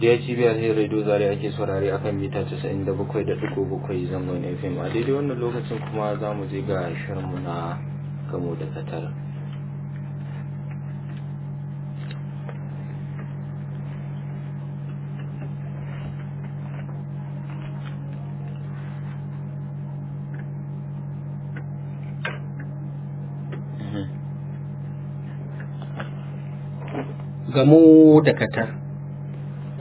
da ya biya hin radio zare ake saurare akan mita 97.7 zangon fm a daidai wannan lokacin kuma za mu je ga shirinmu na gamo da katar gamo da katar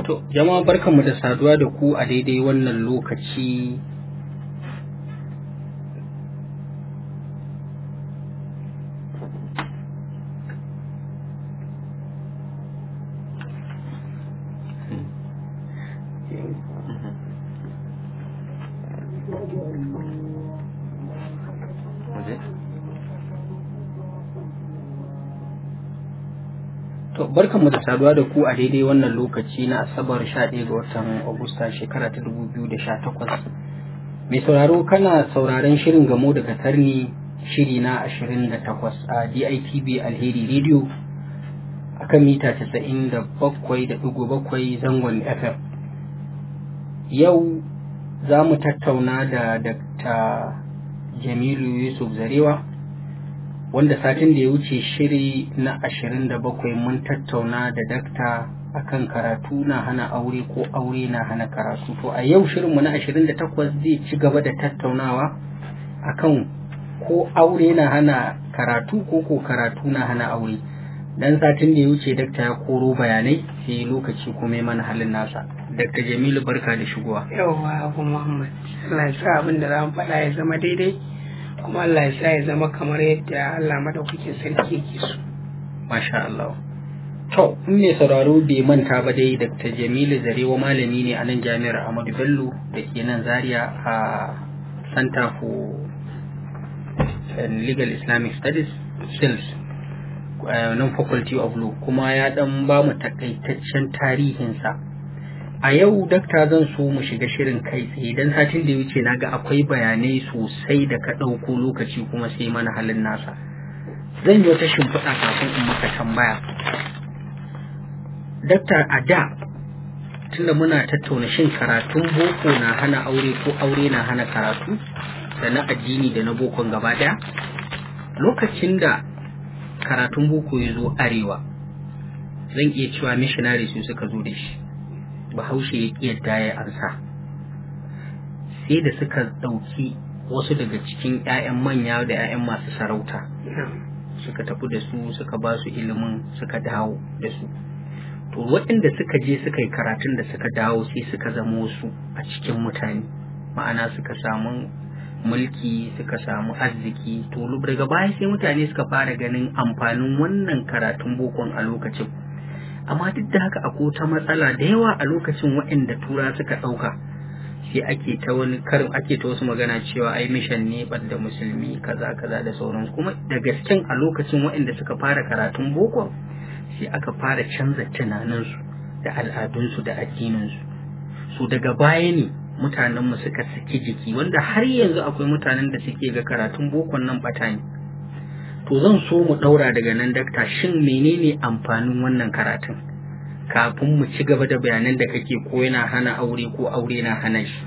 To, jama'a barkanmu da saduwa da ku a daidai wannan lokaci barkan mu da saduwa da ku a daidai wannan lokaci na asabar 11 ga watan agusta shekara ta 2018 mai sauraro kana sauraron shirin gamo daga tarni shiri na 28 a DITB Alheri Radio a kan mita 97.7 zangon FM. Yau za mu tattauna da Dr. Jamilu Yusuf Zarewa wanda satin da ya wuce shiri na 27 mun tattauna da dakta akan karatu na hana aure ko aure na hana karatu to a yau shirinmu na 28 zai ci gaba da tattaunawa akan ko aure na hana karatu ko ko karatu na hana aure dan satin da ya wuce dakta ya koro bayanai sai lokaci kuma ya mana halin nasa dakta jamilu barka da shigowa yawwa abu muhammad lafiya abin da za mu faɗa ya zama daidai kuma Allah ya sa ya zama kamar yadda Allah madaukakin sarki yake so masha Allah to in mai sauraro bai manta ba dai Dr. Jamilu Zarewa malami ne a nan Jami'ar Ahmadu Bello da ke nan Zaria a Center for eh, Legal Islamic Studies SILS eh, nan faculty of law kuma ya dan ba mu takaitaccen tarihinsa a yau dakta zan so mu shiga shirin kai tsaye don satin da ya wuce na ga akwai bayanai sosai da ka ɗauko lokaci kuma sai mana halin nasa zan yi wata shimfiɗa kafin in maka tambaya dakta a da tunda muna tattauna shin karatun boko na hana aure ko aure na hana karatu da na addini da na bokon gaba ɗaya lokacin da karatun boko ya zo arewa zan iya cewa missionary su suka zo da shi bahaushe ya ƙi yadda ya ansa sai da suka ɗauki wasu daga cikin 'ya'yan manya da 'ya'yan masu sarauta suka tafi da su suka ba su ilimin suka dawo da su to waɗanda suka je suka yi karatun da suka dawo sai suka zama wasu a cikin mutane ma'ana suka samu mulki suka samu arziki to daga baya sai mutane suka fara ganin amfanin wannan karatun bokon a lokacin amma duk da haka akwai ta matsala da yawa a lokacin waɗanda tura suka ɗauka sai ake ta wani karin ake ta wasu magana cewa ai mishan ne da musulmi kaza kaza da sauran kuma da gasken a lokacin waɗanda suka fara karatun boko sai aka fara canza tunaninsu da al'adunsu da addininsu su daga baya ne mutanenmu suka saki jiki wanda har yanzu akwai mutanen da suke ga karatun bokon nan ɓata ne to zan so mu ɗaura daga nan dakta shin menene amfanin wannan karatun kafin mu ci gaba da bayanan da kake ko yana hana aure ko aure na hana shi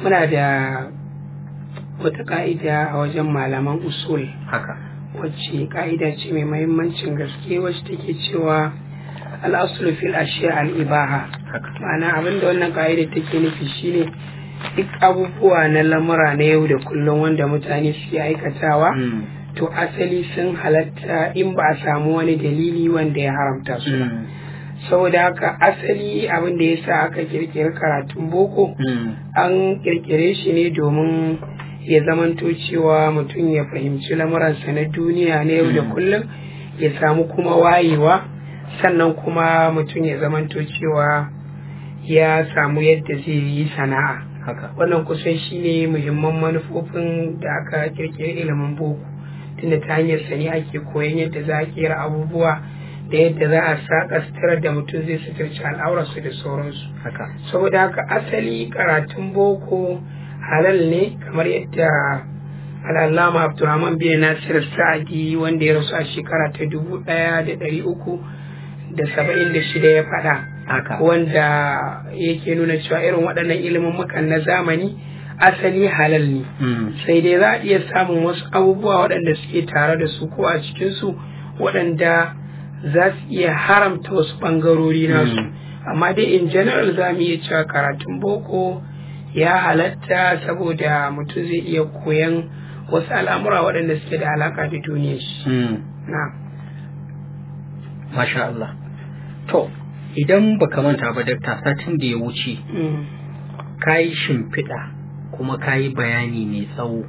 muna da wata ka'ida a wajen malaman usul haka wacce ka'ida ce mai mahimmancin gaske wacce take cewa al'asulu fil ashiya al'ibaha ma'ana abinda wannan ka'ida take nufi shine duk abubuwa na lamura na yau da kullum wanda mutane suke aikatawa hmm. to asali sun halatta in ba a samu wani dalili wanda ya haramta su ba hmm. saboda haka asali abin da ya sa aka kirkiri karatun boko hmm. an kirkire shi ne domin ya zamanto cewa mutum ya fahimci lamuransa na duniya na yau da kullum ya samu kuma wayewa sannan kuma mutum ya zamanto cewa ya samu yadda zai yi sana'a wannan kusan shi ne muhimman manufofin da aka kirkiri ilimin boko tunda ta hanyar sani ake koyon yadda za a kera abubuwa da yadda za a saƙa sutura da mutum zai suturci al'aurarsu da sauransu saboda haka asali karatun boko halal ne kamar yadda al'allama abdulrahman bin nasir sa'adi wanda ya rasu a shekara ta dubu ɗaya da ɗari uku da saba'in da shida ya faɗa wanda yake nuna cewa irin waɗannan ilimin mukan na zamani asali halal ne hmm. sai dai za a iya samun wasu abubuwa waɗanda suke tare da su ko a cikinsu waɗanda za su iya haramta wasu ɓangarori nasu hmm. amma dai in general za mu iya cewa karatun boko ya halatta saboda mutum zai iya koyan wasu al'amura waɗanda suke da alaka da duniya shi hmm. na masha Allah to idan baka manta ba dakta satin da ya wuce mm. ka yi shimfiɗa kuma ka yi bayani mai tsawo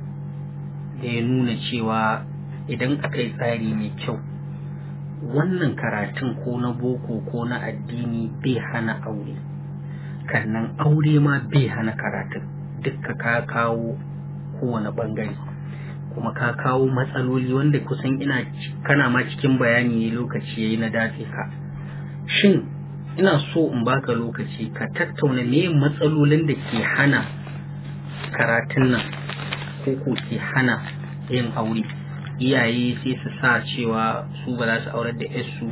da ya nuna cewa idan aka yi tsari mai kyau wannan karatun ko na boko ko na addini bai hana aure kannan aure ma bai hana karatun dukka ka kawo kowane ɓangare kuma ka kawo matsaloli wanda kusan ina kana ma cikin bayani lokaci yayi na dace ka shin ina so in baka lokaci ka tattauna me matsalolin da ke hana karatun nan ko ko ke hana yin aure iyaye sai su sa cewa su ba za su aurar da yarsu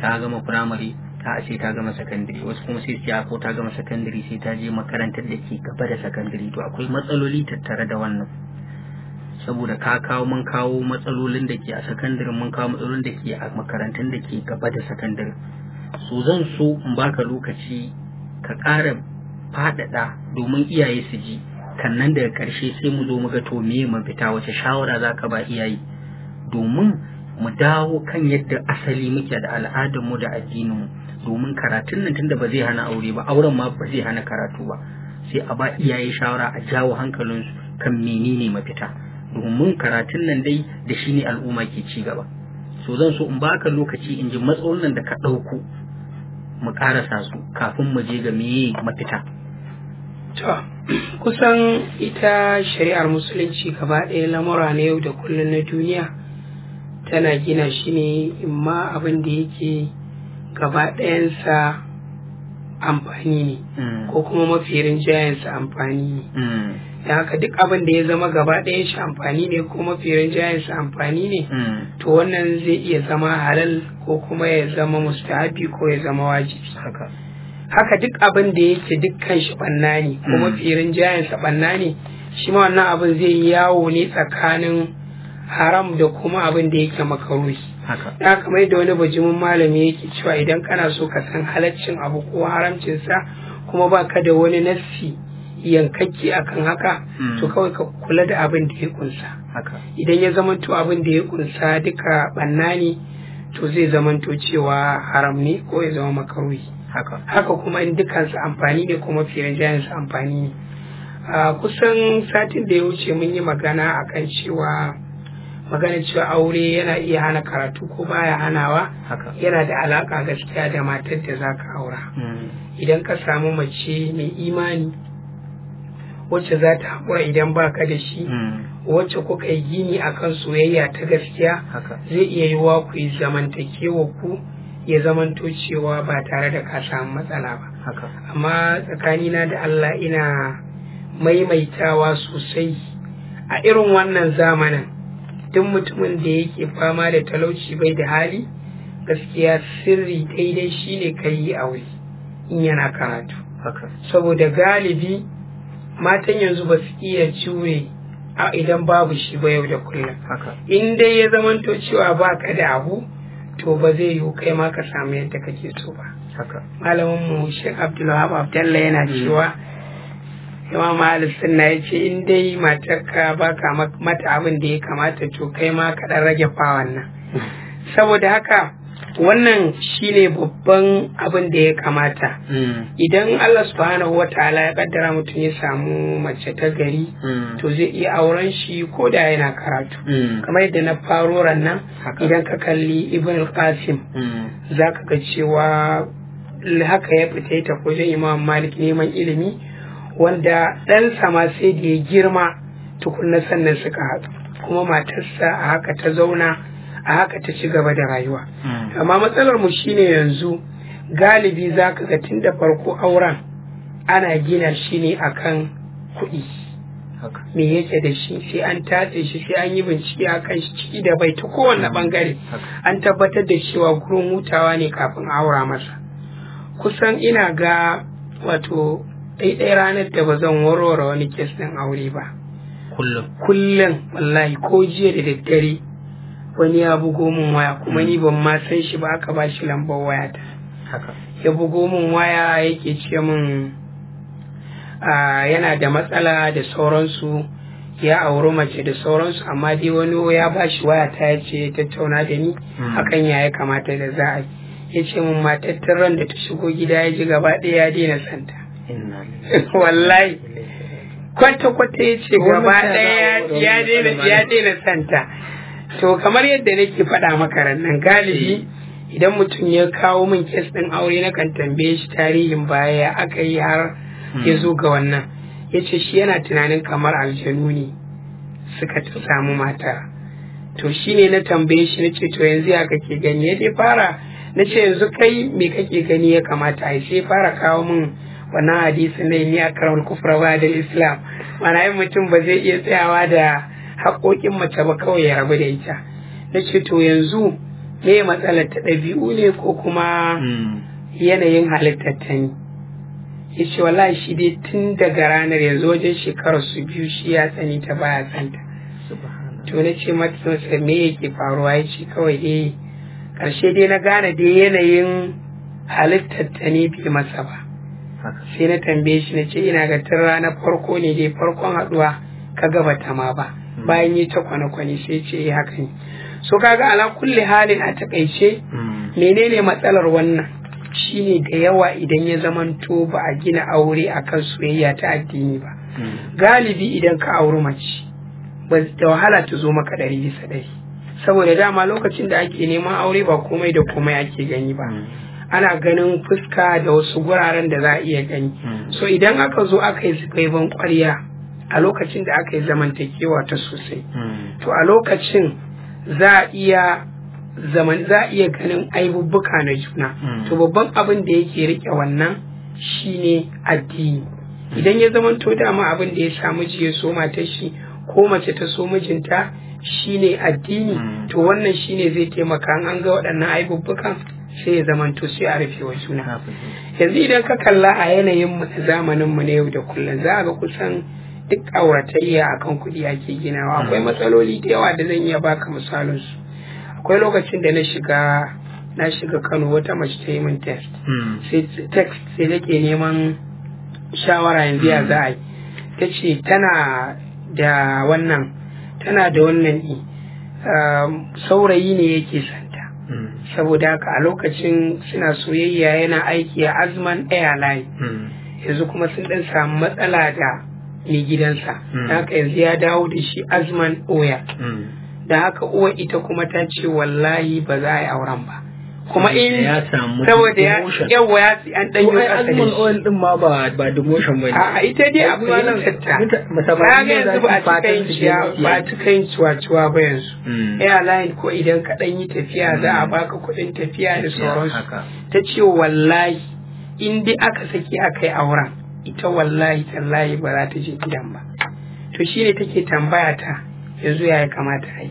ta gama firamare ta ce ta gama sakandare wasu kuma sai su ya ko ta gama sakandare sai ta je makarantar da ke gaba da sakandare to akwai matsaloli tattare da wannan saboda ka kawo mun kawo matsalolin da ke a sakandare mun kawo matsalolin da ke a makarantun da ke gaba da sakandare so zan so in baka lokaci ka ƙara faɗaɗa domin iyaye su ji kan nan daga ƙarshe sai mu zo mu ga to me mafita wace shawara za ka ba iyaye domin mu dawo kan yadda asali muke da al'adarmu da addininmu domin karatun nan tunda ba zai hana aure ba auren ma ba zai hana karatu ba sai a ba iyaye shawara a jawo hankalinsu kan menene mafita domin karatun nan dai da shi ne al'umma ke ci gaba so zan so in baka lokaci in ji matsalolin nan da ka ɗauko mu ƙarasa su kafin mu je ga meye mafita to kusan ita shari'ar musulunci gaba ɗaya lamura na yau da kullum na duniya tana gina shi ne imma abin da yake gaba ɗayansa amfani ne mm. ko kuma mafi rinjayensa amfani ne mm. da haka duk abin da ya zama gaba ɗaya shi amfani ne ko mafi rinjayen shi amfani ne hmm. to wannan zai iya zama halal ko kuma ya zama mustahabi ko ya zama wajibi haka haka duk abin da yake dukkan shi banna ne ko hmm. mafi rinjayen shi banna ne shi ma wannan abin zai yawo ne tsakanin haram da kuma abin da yake makaruhi haka ka haka mai da wani bajimin malami yake cewa idan kana so ka san halaccin abu ko haramcin sa kuma baka da wani nassi yankakki akan haka hmm. to kawai ka kula da abin da ya kunsa idan ya zamanto abin da ya kunsa duka banna ne to zai zamanto cewa haram ne ko ya zama makaruhi haka kuma in dukansu amfani ne kuma fiye amfani ne kusan satin da ya wuce mun yi magana akan cewa magana cewa aure yana iya hana karatu ko baya hanawa yana da alaka gaskiya da matar da za ka aura hmm. idan ka samu mace mai imani wacce za ta haƙura idan ba ka da shi hmm. wacce kuka yi gini a kan soyayya ta gaskiya zai iya yi wa ku zamantakewa ku ya zamanto cewa ba tare da ka samu matsala ba amma tsakanina da Allah ina maimaitawa sosai a irin wannan zamanin duk mutumin da yake fama da talauci bai da hali gaskiya sirri daidai shine kai yi aure in yana karatu saboda galibi matan yanzu ba su iya jure a idan babu shi ba yau da kullum in dai ya zamanto cewa ba ka da abu to ba zai yiwu kai ma ka samu yadda kake so ba malamin mu Sheikh Abdulwahab Abdalla yana mm. cewa Imam na ya ce in dai matarka ba ka mata abin da ya kamata to kai ma ka dan rage fawan nan saboda haka wannan shine babban abin da ya kamata mm. idan Allah subhanahu wa ta'ala ya kaddara mutum ya samu mace ta gari mm. to zai iya auren shi ko da yana karatu mm. kamar yadda na faro nan. idan ka kalli ibn al-qasim ka ga cewa haka ya fita ta wajen imam malik neman ilimi wanda ɗansa sama sai da ya girma tukunna sannan suka haɗu kuma matarsa a haka ta zauna a haka ta ci gaba da rayuwa hmm. amma matsalar mu shine yanzu galibi za ka ga tun da farko auren ana gina shi ne akan kuɗi me yake da shi sai an tatse shi sai an yi bincike a kan shi ciki da bai ta kowane hmm. ɓangare. an tabbatar da cewa gurin hutawa ne kafin aura masa kusan ina ga wato ɗaiɗai ranar da ba zan warware wani kes ɗin aure ba kullum kullum wallahi ko jiya da daddare wani ya bugo min waya kuma ni ban ma san shi ba aka ba shi lambar waya ta ya bugo min waya yake ce min ah, yana da matsala da sauransu ya auri mace da sauransu amma dai wani ya ba shi waya ta ya ce tattauna da ni hakan hmm. ya kamata da za a yi ya ce min matattar ran da ta shigo gida ya ji gaba ɗaya ya daina santa wallahi kwata-kwata ya ce gaba ɗaya ya daina santa to kamar yadda nake faɗa maka rannan galibi eh. idan mutum ya kawo min kes ɗin aure na kan tambaye shi tarihin baya ya aka yi har hmm. ya zo ga wannan ya ce shi yana tunanin kamar aljanu ne suka ta samu mata. to shi ne na tambaye shi na ce to yanzu ya kake gani ya fara na ce yanzu kai me kake gani ya kamata a sai fara kawo min wannan hadisi na yi ni a karar kufra ba da islam mana yin mutum ba zai iya tsayawa da haƙoƙin mace ba kawai ya rabu da ita na ce to yanzu me matsalar ta ɗabi'u ne ko kuma hmm. yanayin halittar ta ne ya ce wallahi shi dai tun daga ranar yanzu wajen shekarar su biyu shi ya sani ta baya santa to na ce mata me yake faruwa ya ce kawai eh ƙarshe dai na gane dai yanayin halittar ta ne bai masa ba sai na tambaye shi na ce ina ga tun ranar farko ne dai farkon haɗuwa ka gaba ta ma ba bayan yi ta kwane-kwane sai ce yi eh, haka ne so kaga ala kulli halin a takaice mm. menene matsalar wannan shine da yawa idan ya zamanto ba a gina aure a kan soyayya ta addini ba mm. galibi idan ka auri mace ba da wahala ta zo maka ɗari bisa ɗari saboda dama lokacin da ake neman aure ba komai da komai ake gani ba mm. ana ganin fuska da wasu guraren da za a iya gani so idan aka zo aka yi sifai ban kwarya a lokacin da aka yi zamantakewa ta sosai hmm. to a lokacin za a iya zaman za a iya ganin aibubbuka na juna hmm. to babban abin da yake rike wannan shine addini hmm. idan ya zamanto dama abin da ya sa miji ya so matar shi ko mace ta so mijinta shine addini to wannan shine zai taimaka an ga waɗannan aibubbuka sai ya zamanto sai a rufe wa juna yanzu idan ka kalla a yanayin mu na zamanin mu na yau da kullum za a ga kusan duk auratayya akan kuɗi ake ginawa akwai hmm. matsaloli da yawa da zan iya baka misalin su akwai lokacin da na shiga na shiga Kano wata mace ta yi min test hmm. sai text sai take neman shawara yanzu ya hmm. za a yi ta ce tana da wannan tana da wannan ɗi saurayi ne yake santa saboda haka a lokacin suna soyayya yana aiki a azman airline yanzu kuma sun ɗan samu matsala da ne gidansa hmm. da haka yanzu ya dawo da shi azman oya hmm. da haka uwa ita kuma ta ce wallahi ba za a yi auren ba kuma in saboda ya yawa ya fi an ɗanyo ƙasa da shi. oya ɗin ma ba ba demotion ba ne. A ita dai a fahimtarta. Ya ga yanzu ba a cikin ciya ba a cikin ciwa-ciwa ba yanzu. ya hmm. layin ko idan ka ɗan yi tafiya za a baka kuɗin tafiya da sauransu. Ta ce wallahi in dai aka saki aka yi auren. ita wallahi tallahi ba za ta je gidan ba to shi ne take tambaya ta yanzu ya kamata a yi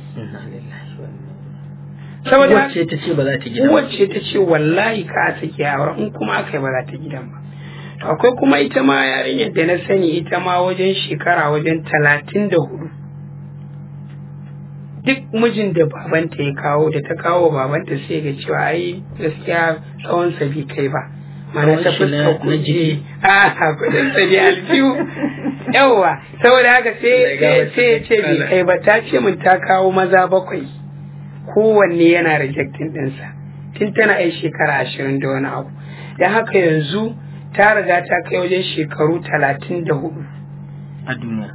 wacce ta ce ba za ta gidan ba ta ce wallahi ka a sake aure in kuma aka yi ba za ta gidan ba to akwai kuma ita ma yarinyar da na sani ita ma wajen shekara wajen talatin da hudu duk mijin da babanta ya kawo da ta kawo babanta sai ga cewa ai gaskiya tsawon sabi kai ba ma'ana ta fuskar ku a kudin sa ne aljihu yawwa saboda haka sai ya ce bai kai ba ta ce min ta kawo maza bakwai kowanne yana rejectin ɗinsa tun tana yin shekara ashirin da wani abu da haka yanzu ta riga ta kai wajen shekaru talatin da hudu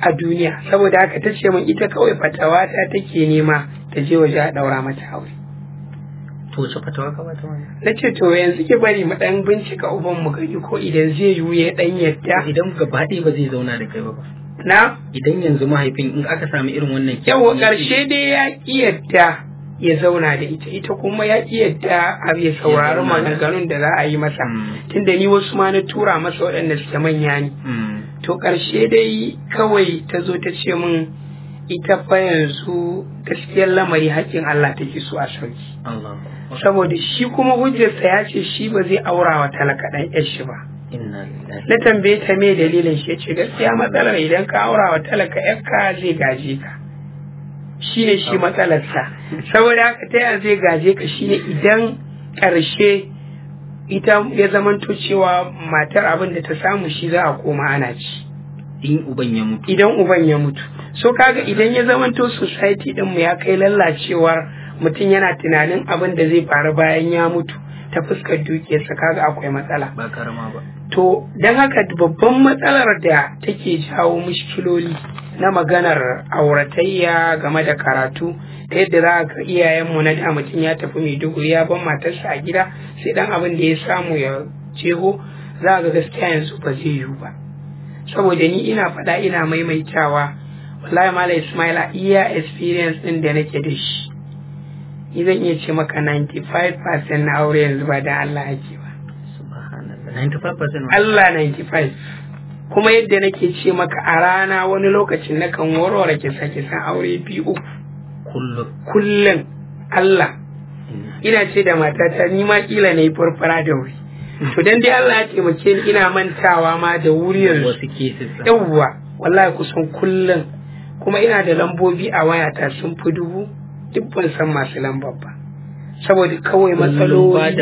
a duniya saboda haka ta ce min ita kawai fatawa ta take nema ta je waje a ɗaura mata aure to su fatawa ka ta wani na ce to yanzu ki bari mu dan bincika uban mu kai ko idan zai yiwu ya dan yadda idan gaba ɗaya ba zai zauna da kai ba na idan yanzu mahaifin in aka sami irin wannan yawa karshe dai ya ƙi yadda ya zauna da ita ita kuma ya ƙi yadda a ya saurari maganganun da za a yi masa hmm. tunda ni wasu ma na tura masa waɗanda suke manya ne hmm. to karshe dai kawai ta zo ta ce min ita fa yanzu gaskiyar lamari haƙƙin Allah take so a sauki saboda shi kuma hujjarsa ya ce shi ba zai aura wa talaka ɗan yar shi ba na tambaye ta me dalilin shi ya ce gaskiya matsalar idan ka aura wa talaka yarka zai gaje ka shi ne shi matsalarsa saboda haka ta yaya zai gaje ka shi ne idan ƙarshe ita ya zamanto cewa matar abin da ta samu shi za a koma ana ci in uban ya mutu idan uban ya mutu so kaga idan ya zamanto society din mu ya kai lallacewar mutum yana tunanin abin da zai faru bayan ya mutu ta fuskar dukiyarsa kaga akwai matsala ba karama ba to dan haka babban matsalar da take jawo mushkiloli na maganar auratayya game da karatu ta yadda za ka iyayen mu na da mutum ya tafi mai dugu ya ban matarsa a gida sai dan abin da ya samu ya jeho za ga gaskiya yanzu ba zai yiwu ba saboda ni ina faɗa ina maimaitawa wallahi mala ismaila iya experience ɗin da nake da shi ni zan iya ce maka 95% na aure yanzu ba da Allah ake ba Allah 95 kuma yadda nake ce maka a rana wani lokacin na kan warware kisa-kisan aure biyu uku kullum Allah mm. ina ce da matata ni ma kila na yi farfara da wuri to dan dai Allah ya taimake ni ina mantawa ma da wuriyar wasu cases yawwa wallahi kusan kullum kuma ina da lambobi a wayata sun fi dubu duk ban san masu lambar ba saboda kawai matsaloli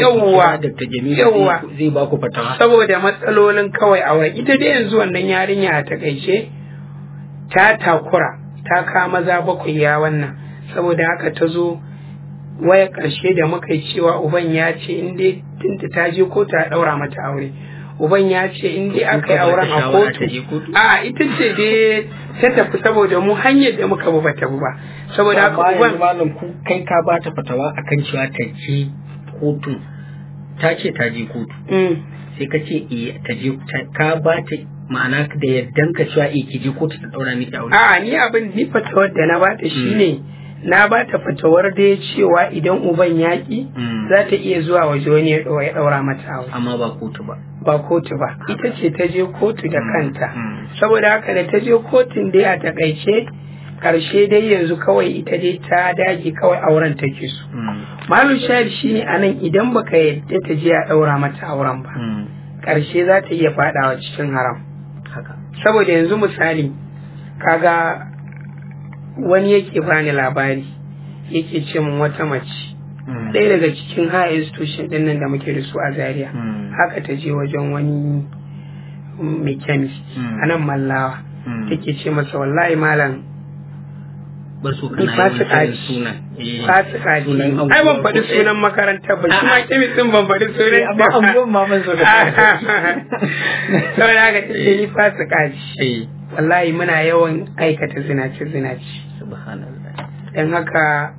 yawwa yawwa zai ba ku fatawa saboda matsalolin kawai a wurin ita dai yanzu wannan yarinya a takaice ta takura ta kama za bakwai ya wannan saboda haka ta zo waya ƙarshe da muka yi cewa uban ya ce in dai tinta ta je kotu ta ɗaura mata aure uban ya ce in dai aka yi auren a kotu a ita ce dai ta tafi saboda mu hanyar da muka bu bata bi ba saboda haka uban malam ku kai ka ba ta fatawa akan cewa ta je kotu ta ce ta je kotu mm. sai ka ce eh ta je ka ba ta ma'ana da yaddan ka cewa eh ki je kotu ta ɗaura miki aure a ni abin ni fatawar da na ba ta mm. shine na ba ta fatawar da ya cewa idan uban yaƙi hmm. za ta iya zuwa waje wani ya ɗaura mata aure. Amma ba kotu ba. Ba kotu ba. Ita ce ta je kotu da hmm. kanta. Hmm. Saboda haka da ta je kotun dai a takaice ƙarshe dai yanzu kawai ita dai ta dage kawai auren take su Malu shahid shi ne anan idan baka yadda ta je a ɗaura mata auren ba. Ƙarshe za ta iya faɗawa cikin haram. Saboda yanzu misali kaga wani yake bani labari yake ce min wata mace hmm. ɗaya daga cikin high institution ɗin nan da muke da su a zaria hmm. haka ta je wajen wani mai chemist hmm. a nan mallawa take ce masa wallahi malam ba su kana yin sunan Ba su kaji. ai ban faɗi sunan makaranta ba shi ma sun ban faɗi sunan eh, amma an gon ma ban so da saboda haka take ni ba su kaji. wallahi muna yawan aikata zinaci zinaci subhanallah dan haka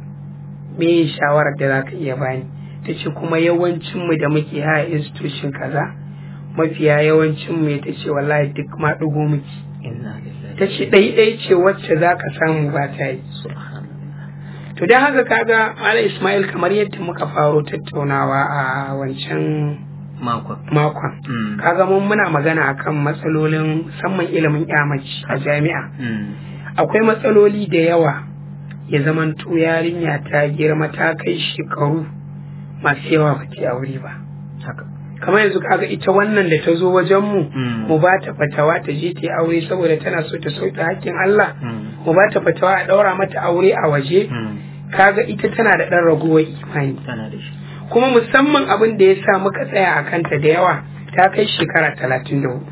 me shawarar da zaka iya bani ta ce kuma yawancin mu da muke haya institution kaza mafiya yawancin mu ta ce wallahi duk ma dugo muke ta ce ɗaiɗai ce wacce zaka samu ba ta yi to don haka kaga malam ismail kamar yadda muka faro tattaunawa a wancan makon mm. kaga mun muna magana akan matsalolin musamman ilimin yamaci a jami'a mm. akwai matsaloli da yawa ya zamanto yarinya ta girma ta kai shekaru masu yawa ba ta aure ba kamar yanzu kaga ita wannan da ta zo wajen mu mm. mu ba ta fatawa ta je ta aure saboda tana so ta sauke hakkin Allah mm. mu ba ta fatawa a daura mata aure a waje mm. kaga ita tana da dan raguwar imani kuma musamman abin da ya sa muka tsaya a kanta da yawa ta kai shekara talatin da hudu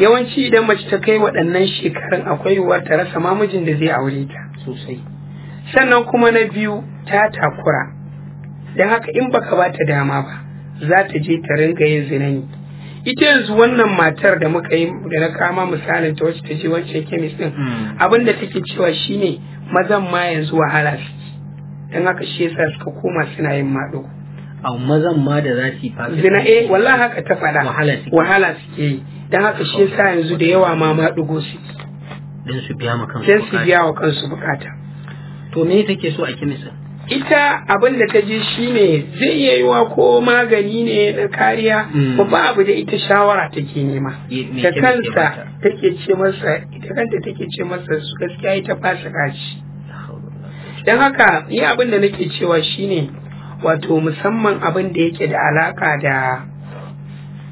yawanci idan mace ta kai waɗannan shekarun akwai yiwuwar ta rasa mamijin da zai aure ta sosai sannan kuma na biyu ta takura don haka in baka ba ta dama ba za ta je ta ringa yin zinani ita yanzu wannan matar da muka yi da na kama misalin ta wacce ta je wancan kemis din hmm. abin da take cewa shine mazan ma yanzu wahala su don haka shi yasa suka koma suna yin maɗugo a mazan ma da za su yi zina eh wallahi haka ta faɗa wahala suke yi dan haka shi yasa yanzu da yawa ma ma dugo su dan su biya ma kansu su biya wa kansu bukata to me take so a kimisa ita abin da ta ji shine zai iya yiwa ko magani ne na kariya mm. ko ba abu da ita shawara take nema da kansa take ce masa ita kanta take ce masa su gaskiya ita fasika shi dan haka ni abin da nake cewa shine wato musamman abin da yake da alaka da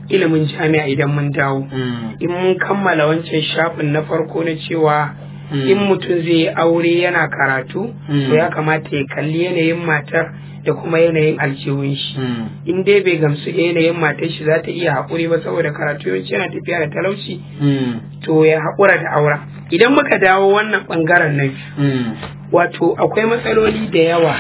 ilimin jami'a idan mun dawo hmm. in mun kammala wancan shafin na farko na cewa hmm. in mutum zai yi aure yana karatu to hmm. ya kamata ya kalli yanayin matar da kuma yanayin aljihun shi in dai bai gamsu da yanayin matar shi za ta iya haƙuri ba saboda karatu yawanci yana tafiya da talauci to ya haƙura da aura idan muka dawo wannan ɓangaren nan wato akwai matsaloli da yawa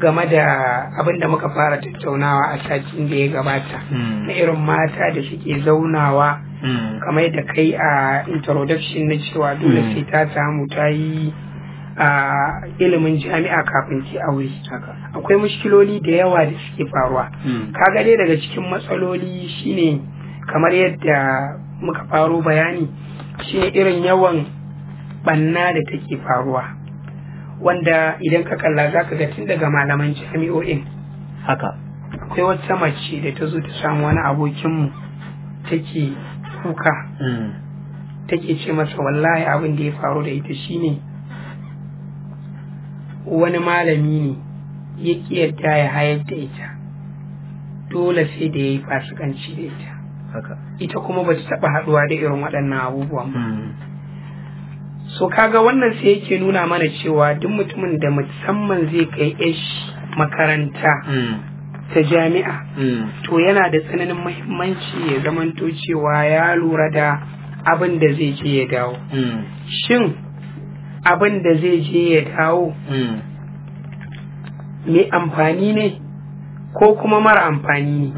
game da abin da muka fara tattaunawa a satin da ya gabata hmm. na irin mata da suke zaunawa hmm. kamar da kai a introduction na cewa dole hmm. sai ta samu ta yi a ilimin jami'a kafin ki aure akwai mushkiloli da yawa da suke faruwa kaga dai daga cikin matsaloli shine kamar yadda muka faro bayani shine irin yawan banna da take faruwa wanda idan ka kalla za ka ga tun daga malaman jami'o'in haka akwai wata mace da ta zo ta samu wani abokinmu take kuka mm. take ce masa wallahi abin da ya faru da ita shine wani malami ne ya yarda ya hayar da ita dole sai da ya yi fasikanci da ita ita kuma ba ta taɓa haɗuwa da irin waɗannan abubuwan ba mm. so kaga wannan sai yake nuna mana cewa duk mutumin da musamman zai kai ish makaranta hmm. ta jami'a hmm. to yana da tsananin mahimmanci ya zamanto cewa ya lura da abin da zai je ya dawo hmm. shin abin da zai je ya dawo mai amfani ne ko kuma mara amfani ne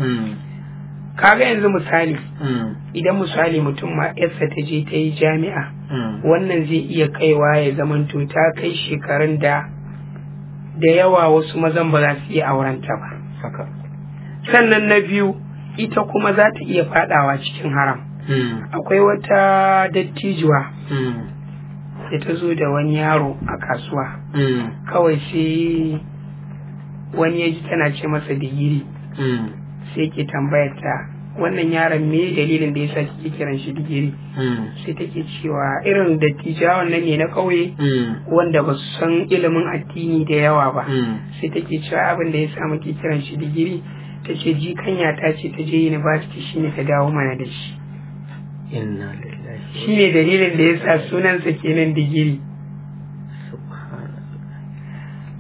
kaga yanzu misali hmm. idan misali mutum ma yarsa ta je ta yi jami'a hmm. wannan zai iya kaiwa ya zamanto ta kai shekarun da da yawa wasu mazan ba za su iya aurenta ba sannan na biyu ita kuma za ta iya fadawa cikin haram hmm. akwai wata dattijuwa da ta zo da wani yaro a kasuwa kawai sai wani ya ji tana ce masa digiri sai ke tambayar ta wannan yaron me dalilin da yasa kike kiran shi digiri hmm. sai take cewa irin da tijawan nan ne na kauye. Hmm. wanda ba su san ilimin addini da yawa ba hmm. sai take cewa abin da yasa muke kiran shi digiri ta ce ji kanya ta ce ta je university shine ta dawo mana da shi shi ne dalilin da yasa sunansa kenan digiri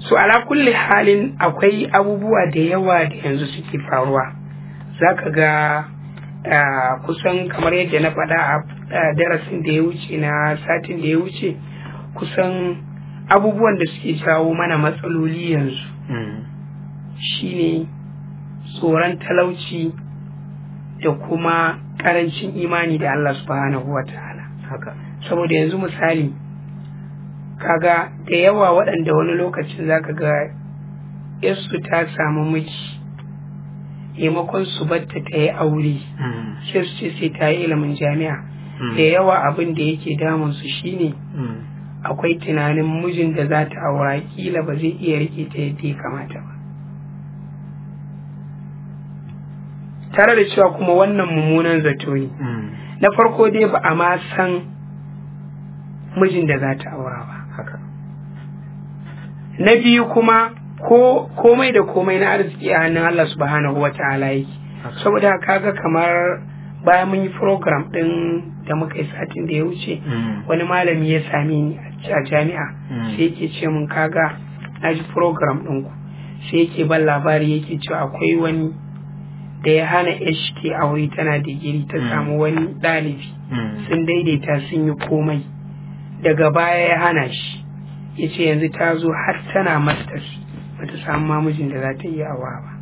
so ala kulli halin akwai abubuwa da yawa da yanzu suke faruwa za ka ga kusan kamar yadda na faɗa a darasin da ya wuce na satin da ya wuce kusan abubuwan da suke jawo mana matsaloli yanzu hmm. shine tsoron talauci da kuma ƙarancin imani da Allah subhanahu wa ta'ala saboda yanzu misali kaga da yawa waɗanda wani lokacin za ka ga yarsu ta samu miji maimakon su batta ta yi aure hmm. sai su ce sai ta yi ilimin jami'a hmm. da yawa abin da yake damun su shine hmm. akwai tunanin mijin da za ta aura kila ba zai iya rike ta yadda ya kamata ba tare da cewa kuma wannan mummunan zato ne na farko dai ba a ma san mijin da za ta aura ba na biyu kuma ko komai da komai na arziki a hannun Allah subhanahu wa ta'ala yake saboda kaga kamar bayan mun yi program din da muka yi satin da ya wuce hmm. wani malami ya sami ni a jami'a hmm. sai yake ce mun kaga na ji program ɗinku sai yake ban labari yake cewa akwai wani da ya hana HK aure tana digiri ta hmm. samu wani ɗalibi sun daidaita sun yi komai daga baya ya hana shi yace yanzu ta zo har tana masters ta samu mamijin da za ta iya awa ba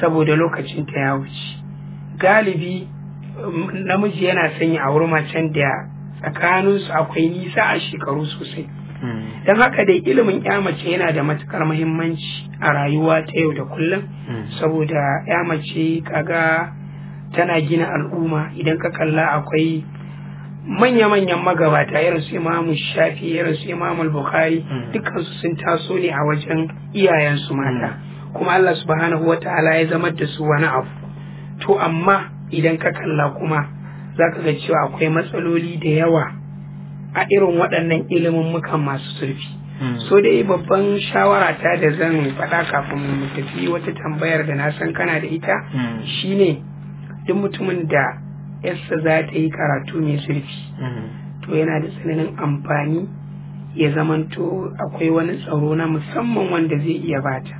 saboda lokacin ta ya wuce galibi um, namiji yana son ya auri macen da tsakaninsu akwai nisa a shekaru sosai hmm. don haka dai ilimin ya mace yana da matukar muhimmanci a rayuwa ta yau da kullum hmm. saboda ya mace kaga tana gina al'umma idan ka kalla akwai manya-manyan magabata irin su imamu shafi irin su imamu bukari hmm. dukansu sun taso ne a wajen iyayensu mata hmm. kuma Allah subhanahu wa ta'ala ya zama da su wani abu to amma idan ka kalla kuma za ka ga cewa akwai matsaloli da yawa a irin waɗannan ilimin mukan masu zurfi hmm. so dai babban shawara ta da zan faɗa kafin mu tafi wata tambayar da na san kana da ita shine duk mutumin da Yarsa za ta yi karatu mai zurfi mm-hmm. to yana da tsananin amfani ya zamanto akwai wani tsaro na musamman wanda zai iya bata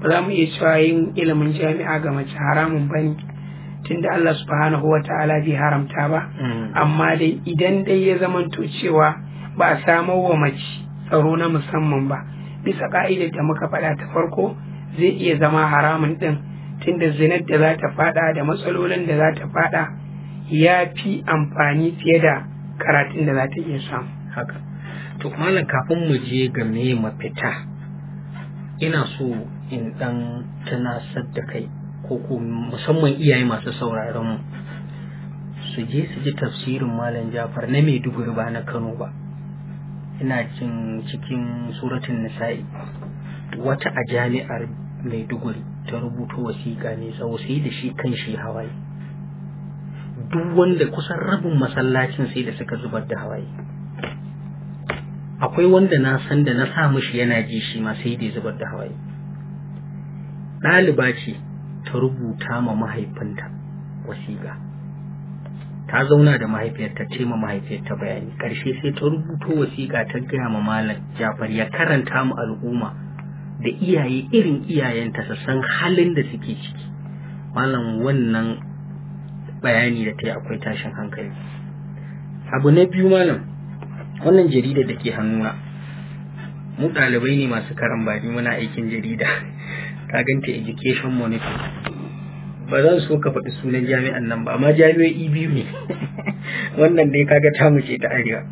ba za mu iya cewa yin ilimin jami'a ga mace haramun ba ne tunda Allah subhanahu wa ta'ala bai haramta ba mm-hmm. amma dai idan dai ya zamanto cewa ba a samar wa mace tsaro na musamman ba bisa ka'idar da muka faɗa ta farko zai iya zama haramun ɗin tunda zinar da za ta faɗa da matsalolin da za ta faɗa ya fi amfani fiye da karatun da za ta iya samu haka to malam kafin mu je ga me mafita ina so in ɗan tunasar da kai ko ko musamman iyaye masu sauraron mu su je su ji tafsirin malam jafar na maiduguri ba na kano ba ina cin cikin suratun nisa'i wata a jami'ar maiduguri ta rubuta wasiƙa ne tsawo sai da shi kan shi hawaye duk wanda kusan rabin masallacin sai da suka zubar da hawaye akwai wanda na san da na sa mishi yana ji shi ma sai da zubar da hawaye ɗaliba ce ta rubuta ma mahaifinta wasiƙa ta zauna da mahaifiyarta ce ma mahaifiyarta bayani ƙarshe sai ta rubuto wasiƙa ta gaya ma malam jafar ya karanta mu al'umma da iyaye irin iyayenta su san halin da suke ciki malam wannan bayani da ta yi akwai tashin hankali abu na biyu malam wannan jarida da ke hannuna mu ɗalibai ne masu karan bani muna aikin jarida ta ganta education monitor ba zan so ka faɗi sunan jami'an nan ba amma jami'o'i biyu ne wannan dai kaga ta mu ta arewa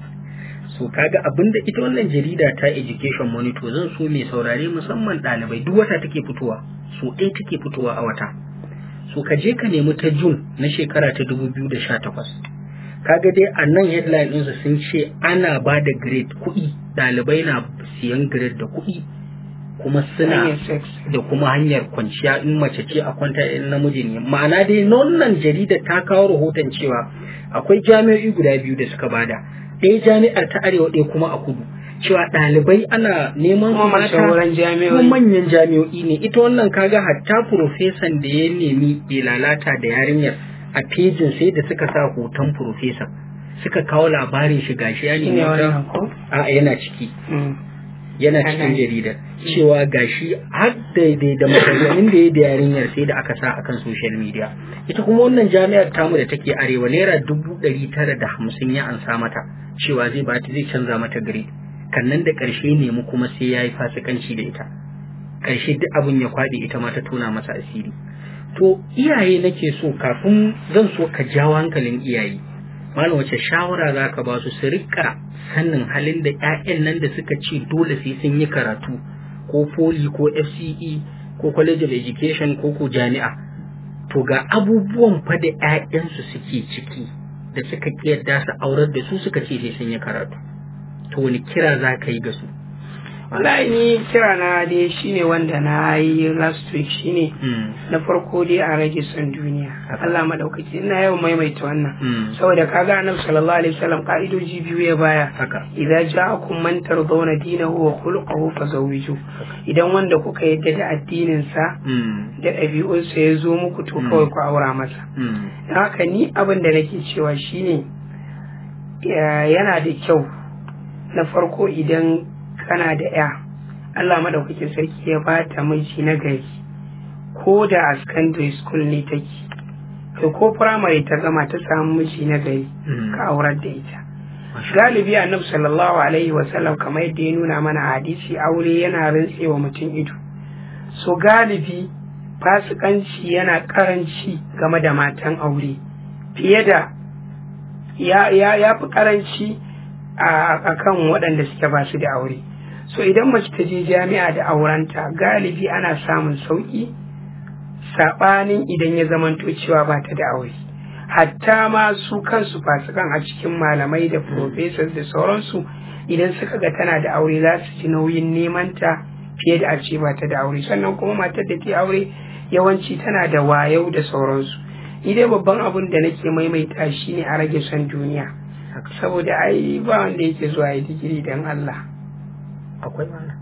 so kaga da ita wannan jarida ta education monitor zan so mai saurare musamman ɗalibai duk wata take fitowa so ɗaya take fitowa a wata so ka je ka nemi ta jun na shekara ta 2018 kaga dai a nan headline ɗinsu sun ce ana ba da grade kuɗi ɗalibai na siyan grade da kuɗi kuma suna da kuma hanyar kwanciya in mace ce a kwanta in namiji ne ma'ana dai nan jarida ta kawo rahoton cewa akwai jami'o'i guda biyu da suka bada ɗaya jami'ar ta arewa ɗaya kuma a kudu cewa ɗalibai ana neman kuma manyan jami'o'i ne ita wannan kaga hatta profesan da ya nemi bai lalata da yarinyar a fejin sai da suka sa hoton profesan suka kawo labarin shi gashi ya nemi a yana ciki mm. yana cikin jaridar mm. cewa gashi har daidai da maganganun da ya da yarinyar sai da aka sa akan social media ita kuma wannan jami'ar tamu da take arewa naira dubu ɗari tara da hamsin ya ansa mata cewa zai ba zai canza mata gari. kannan da ƙarshe ne mu kuma sai ya yi fasikanci da ita ƙarshe duk abin ya kwaɗe ita ma ta tona masa asiri to iyaye nake so kafin zan so ka jawo hankalin iyaye malam wace shawara za ka ba su su rika sannin halin da 'ya'yan nan da suka ce dole sai sun yi karatu ko poli ko fce ko college of education ko ko jami'a to ga abubuwan fa da 'ya'yansu suke ciki da suka kiyarda su aurar da su suka ce sai sun yi karatu to wani kira za ka yi ga su wallahi ni kira na dai shine wanda na yi last week shine hmm. na farko dai a rage son duniya Allah madaukaki ina yau maimaita wannan hmm. saboda kaga annabi sallallahu alaihi wasallam ka'idoji biyu ya baya idza ja'akum man tardawna dinahu wa khuluquhu fazawiju idan wanda kuka yadda da addinin sa hmm. da ɗabi'unsa sa ya zo muku to kawai ku aura masa dan haka ni abin da nake cewa shine yana da kyau na farko idan kana da ya Allah madaukakin sarki ya ba ta miji na gari ko da a secondary school ne take to ko primary ta zama ta samu miji na gari hmm. ka aurar da ita galibi annabi sallallahu alaihi sallam kamar yadda ya nuna mana hadisi aure yana rantsewa mutum ido so galibi fasikanci yana karanci game da matan aure fiye da ya, ya fi karanci a kan waɗanda suke ba su da aure so idan mace ta je jami'a da aurenta galibi ana samun sauƙi saɓanin idan ya zamanto cewa ba ta da aure hatta ma su kansu kan a cikin malamai da professors da sauransu idan suka ga tana da aure za su ji nauyin nemanta fiye da a ce ba ta da aure sannan kuma matar da ke aure yawanci tana da wayau da sauransu ni dai babban abin da nake maimaita shi ne a rage son duniya saboda ai ba wanda yake zuwa ya digiri don Allah akwai wannan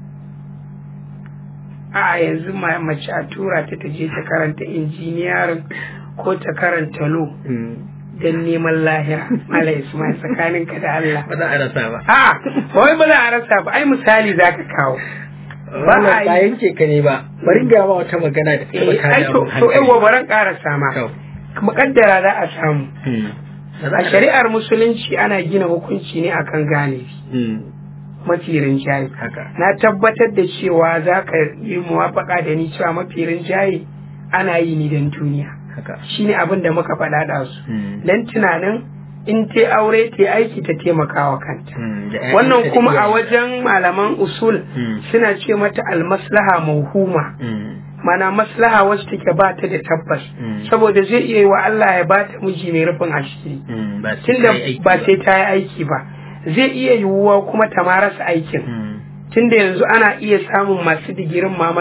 a yanzu mace a tura ta ta je ta karanta injiniyarin ko ta karanta lo hmm. don neman lahira mala ismail tsakanin ka da Allah ba za a rasa ba a wai ba za a rasa ba ai misali za ka kawo ba a yanke ka ne ba bari ga ma wata magana da ta baka eh, da hankali to yawa baran ƙara sama muƙaddara za a samu hmm. a shari'ar musulunci ana gina hukunci ne akan gane hmm. mafi rinjaye na tabbatar da cewa za ka yi muwafaka da ni cewa mafi rinjaye ana yi ni don duniya Shi ne abin da muka faɗa da su hmm. don tunanin in ta aure ta aiki ta taimakawa kanta hmm. wannan kuma a wajen malaman usul suna ce mata almaslaha mahuma mana maslaha wasu take ba ta da tabbas hmm. saboda zai iya yi wa Allah ya ba ta miji mai rufin asiri hmm, tunda ba sai ta yi aiki ba zai iya yiwuwa kuma ta marasa aikin hmm. tunda yanzu ana iya samun masu digirin ma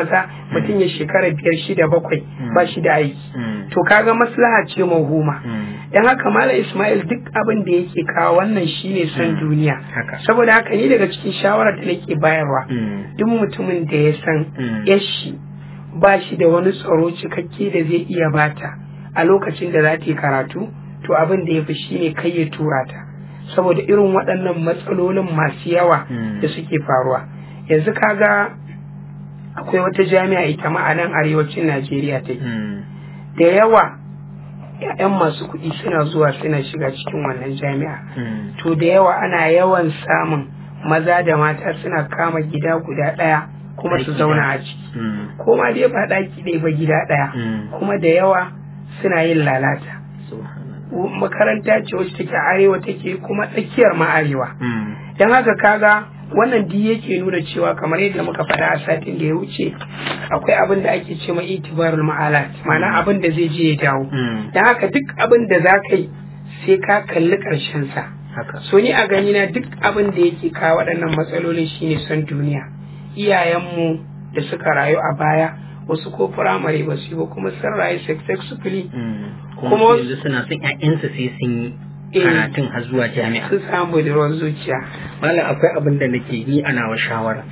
mutum ya shekara biyar shida bakwai ba shi da aiki to kaga maslaha ce mahuma dan haka malam Ismail duk abin da yake kawo wannan shine son duniya saboda haka ni daga cikin shawarar da nake bayarwa duk mutumin da ya san yashi ba shi da wani tsaro cikakke da zai iya bata a lokacin da za ta yi karatu to abin da ya fi shi ne kai ya tura ta saboda irin waɗannan matsalolin masu yawa hmm. da suke faruwa yanzu kaga akwai wata jami'a ita ma a nan arewacin najeriya ta hmm. da yawa 'ya'yan masu kuɗi suna zuwa suna shiga cikin wannan jami'a hmm. to da yawa ana yawan samun maza da mata suna kama gida guda ɗaya kuma su zauna a ciki hmm. ko ma dai ba ɗaki ne ba gida ɗaya hmm. kuma da yawa suna yin lalata makaranta ce wacce take arewa take kuma tsakiyar ma arewa hmm. don haka kaga wannan duk yake nuna cewa kamar yadda muka faɗa a satin da ya wuce akwai abin da ake ce ma itibarul ma'alat ma'ana abin da zai je ya dawo don haka duk abin da za ka yi sai ka kalli karshen sa so ni a ganina duk abin da yake kawo waɗannan matsalolin shine son duniya iyayenmu da suka rayu a baya wasu ko firamare ba su yi ba kuma sun rayu successfully mm. kuma yanzu suna son ƴaƴansu sai sun yi eh, karatun har zuwa jami'a sun samu da ruwan zuciya malam akwai abin da nake ni ana wa shawara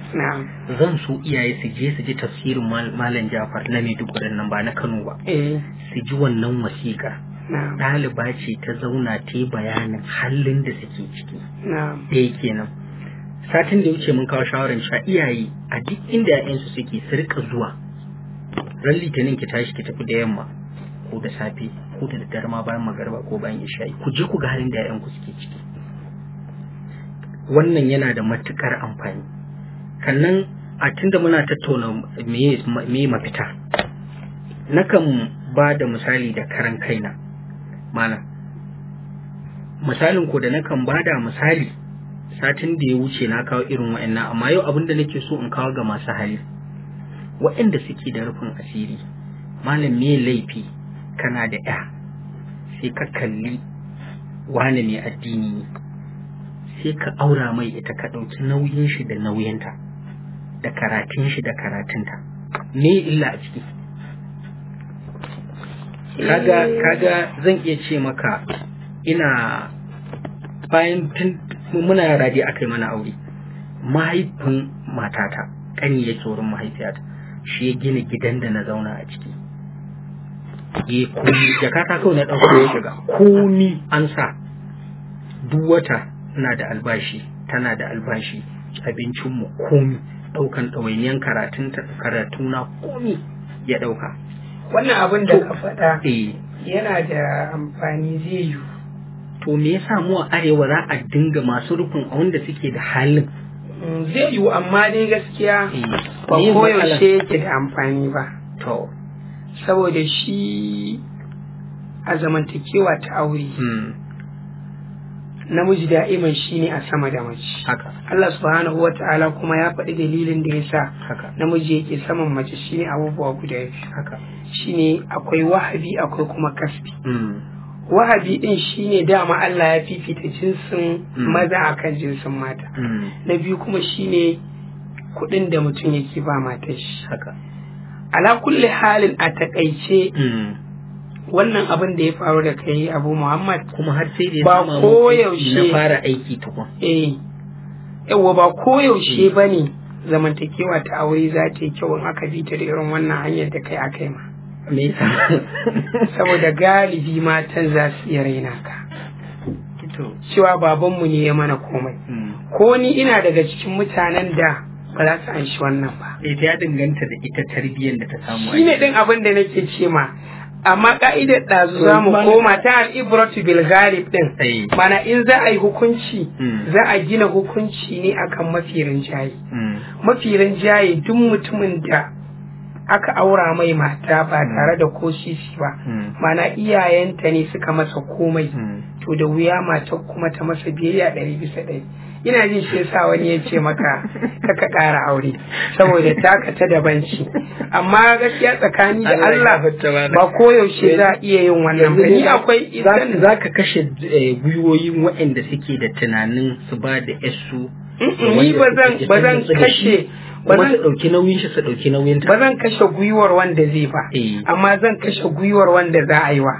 zan so iyaye su je su ji tafsirin malam Jafar na Maiduguri nan ba na Kano ba eh. su ji wannan wasiƙa ɗaliba ce ta zauna ta yi bayanin halin da suke ciki ɗaya kenan satin da wuce mun kawo shawaran cewa iyaye a duk inda ‘ya'yansu suke su rika zuwa ran litinin ki tashi ki tafi da yamma ko da safe ko da daddare ma bayan magarba ko bayan isha'i ku je ku ga halin da ‘ya'yanku suke ciki wannan yana da matukar amfani kannan a tunda muna tattauna me mafita nakan ba da misali da karan kaina mana misalin ko da nakan ba da misali satin da ya wuce na kawo irin wa'annan amma yau abin da nake so in kawo ga masu hali wa'anda suke da rufin asiri malam me laifi kana da ya sai ka kalli wani mai addini ne sai ka aura mai ita ka ɗauki nauyin shi da nauyinta da karatun shi da karatunta me illa a ciki kaga kaga zan iya ce maka ina bayan tun muna yara dai aka yi mana aure mahaifin matata ƙani yake wurin mahaifiyata shi ya gina gidan da na zauna a ciki ya komi jakata kawai na ɗauko ya shiga ni an sa duk wata na da albashi tana da albashi abincinmu komi ɗaukan ɗawainiyan karatun karatuna komi ya ɗauka wannan abin da ka faɗa eh. yana da amfani zai yiwu to me yasa mu a arewa za a dinga masu rukun a wanda suke da halin mm, zai yiwu amma dai gaskiya eh, ba koyaushe yake da amfani ba to saboda shi a zamantakewa ta aure hmm. namiji da'iman shi ne a sama da mace Allah subhanahu Ta'ala kuma ya faɗi dalilin da ya sa namiji yake saman mace shi ne abubuwa guda biyu shi ne akwai wahabi akwai kuma kasfi. Hmm. wahabi din shine dama Allah ya fifita jinsin hmm. maza akan jinsin mata hmm. na biyu kuma shine kuɗin da mutum yake ba matar shi ala kulli halin a takaice hmm. wannan abin da ya faru da kai abu muhammad kuma har sai da ba koyaushe na fara aiki tukun eh yawa ba koyaushe bane zamantakewa ta aure za ta yi kyau in aka bi ta da irin wannan hanyar da kai aka yi ma me saboda galibi matan za su iya raina ka cewa babanmu ne ya mana komai hmm. ko ni ina daga cikin mutanen da ba za su an shi wannan ba ita eh, ya danganta da ita tarbiyyar da ta samu shi ne din abin da nake ce ma amma ka'idar ɗazu za mu koma ta al'ibratu bil galib ɗin, eh. mana in za a yi hukunci hmm. za a gina hukunci ne akan mafi rinjaye hmm. mafi rinjaye duk mutumin da aka aura mai mata ba hmm. tare da ko ba hmm. mana iyayenta ne suka masa komai hmm. to da wuya mata kuma ta masa biyayya ɗari bisa ɗari ina jin shi yasa wani ya ce maka kaka ƙara aure saboda taka ta daban ce amma gaskiya tsakani da Allah ba koyaushe za a iya yin wannan ba ni akwai idan za ka kashe eh, gwiwoyin waɗanda suke da tunanin su ba da yasu ni ba zan kashe ba zan dauki nauyin shi su dauki nauyin ta ba zan kashe gwiwar wanda zai ba eh. amma zan kashe gwiwar wanda za a yi wa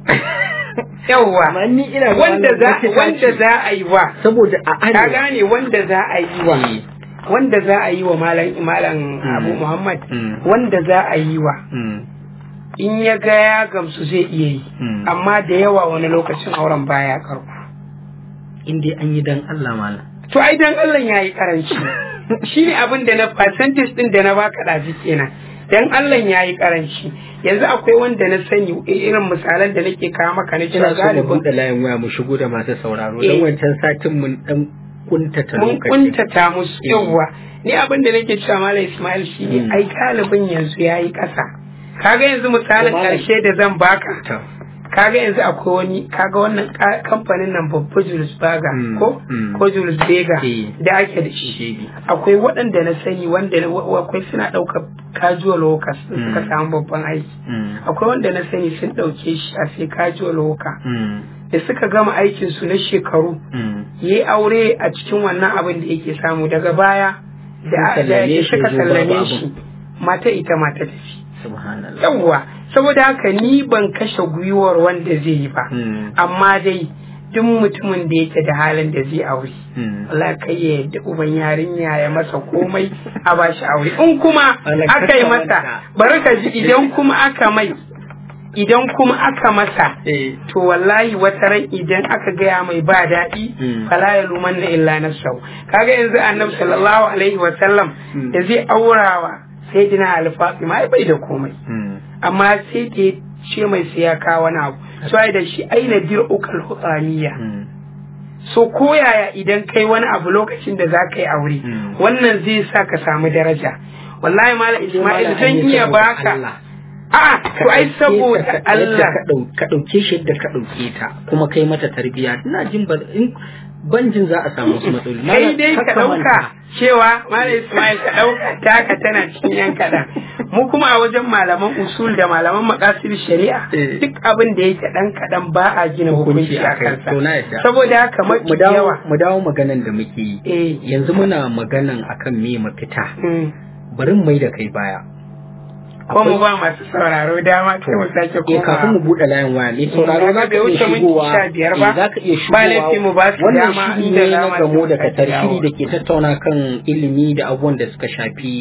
yawwa wanda za wanda za a yi wa saboda a arewa ka gane wanda za a yi wa eh. wanda za a yi wa malam malam mm. Abu Muhammad mm. wanda za a yi wa mm. in ya ga ya gamsu zai iya yi amma da yawa wani lokacin auren baya karku in dai an yi dan Allah malam to ai dan Allah yayi karanci shi ne abin da na percentage din da na baka ɗazi kenan dan Allah ya yi karanci yanzu akwai wanda na sani eh, irin misalan da nake kawo maka na cewa galibin da layin waya mu shigo da masu sauraro dan eh. wancan satin mun dan kuntata mun kuntata musu eh. yawa ni abin da nake cewa malam Ismail shi ne hmm. ai galibin yanzu yayi kasa kaga yanzu misalin karshe da zan baka kaga yanzu akwai wani kaga wannan kamfanin nan babba Julius Baga. Mm, ko mm. ko Julius Berger eh. da ake da shi akwai waɗanda na sani wanda akwai suna ɗaukar casual workers mm. suka samu babban aiki akwai wanda na sani sun ɗauke shi a sai casual worker da suka gama aikin su na shekaru yi aure a cikin wannan abin da yake samu daga baya da suka sallame shi mata ita mata ta ce yawwa saboda haka ni ban kashe gwiwar wanda zai yi ba hmm. amma dai duk mutumin da yake da halin da zai aure hmm. Allah kai ya yadda uban yarinya ya masa komai a bashi aure in kuma aka yi masa bari ka ji idan kuma aka mai idan kuma aka masa eh. to wallahi wata ran idan aka gaya mai ba daɗi hmm. fala ya lumanna illa nafsahu kaga yanzu annabi sallallahu alaihi wa sallam da zai aurawa sayyidina dina alfafi ai bai da komai amma sai ta ce mai sai ya kawo wani abu so ai da shi aina dir ukal hutaniya hmm. so koyaya idan kai wani abu lokacin da za ka yi aure hmm. wannan zai sa ka samu daraja wallahi mala isma'il zan iya baka A'a, ah, to ai saboda Allah ka ɗauke shi yadda ka ɗauke ta kuma kai mata tarbiyya ina jin ba in banjin za a samu wasu matsaloli. Kai dai ka ɗauka cewa Malam Ismail ka ɗauka taka tana cikin yan kaɗan. Mu kuma a wajen malaman usul da malaman makasir shari'a eh. duk abin da yake ɗan kaɗan ba a gina hukunci a kansa. Saboda haka mafi yawa. Mu dawo maganan da muke yi. Eh. Yanzu muna maganan akan me mafita. Hmm. Bari mai da kai baya. ko mu ba masu sauraro dama sai mu sake eh, koma kafin mu bude layin waya ne sauraro za ka iya shigowa eh, za ka iya shigowa ba laifi mu ba su dama inda za mu gamo da katar shiri da ke tattauna kan ilimi da abubuwan da suka shafi